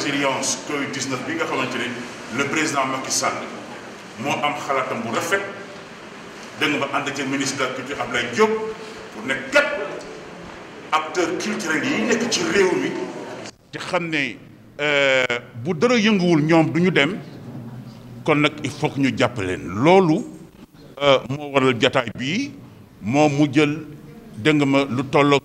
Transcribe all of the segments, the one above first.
résilience Covid 19 bi nga xamante le président Macky Sall mo am xalatam bu rafet deug nga ba ànd ca ministre de culture Abdoulaye Diop pour nek kat acteur culturel yi nek ci réew mi. te xam ne euh, bu dara yënguwul ñom duñu dem kon nak il faut ñu jàpp lolu euh mo waral jataay bi mo mu jël deug ma lu tolloog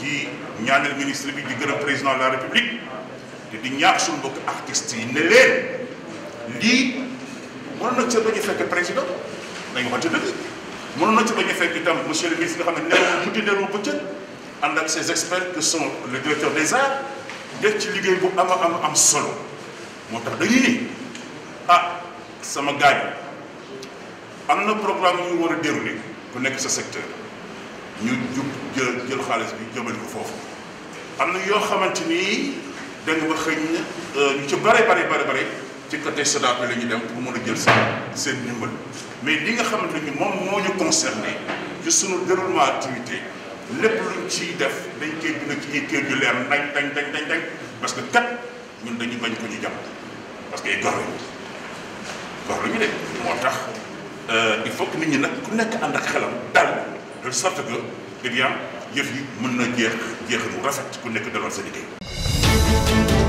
di ñaanal ministre bi di a président de la république te di ñaax suñu mbokk artistes yi ne leen lii mënoon na ca bañ a fekk président dañu waxante dëgg mënoon na ca bañ a fekk tam monsieur le ministre nga xam ne nelaw guddi nelaw bëccëg ànd ak ses experts que sont le directeur des arts def ci liggéey bu ama am am solo moo tax dañu ni ah sama gaañ am na programme yu ñu war a déroulé ku nekk sa secteur ñu jub jël jël xaalis bi jëmale ko foofu am na yoo xamante ni da nga ma xëy euh, ñu ci bare bare bare bare ci côté sedaat bi la ñu dem pour mën a jël seen seen ndimbal mais li nga xamante ni moom moo ñu concerné ci sunu déroulement activité lépp luñ ciy def dañ koy bind ci kër yu leer ndañ ndañ ndañ ndañ ndañ parce que kat ñun dañu bañ ko ñu jàpp parce que ay gor lañu gor lañu de moo tax euh, il faut que nit ñi nag ku nekk ànd ak xelam sorte que eh bien yëf yi mën na jeex jeex lu rafet ku nekk daloon sa liggéey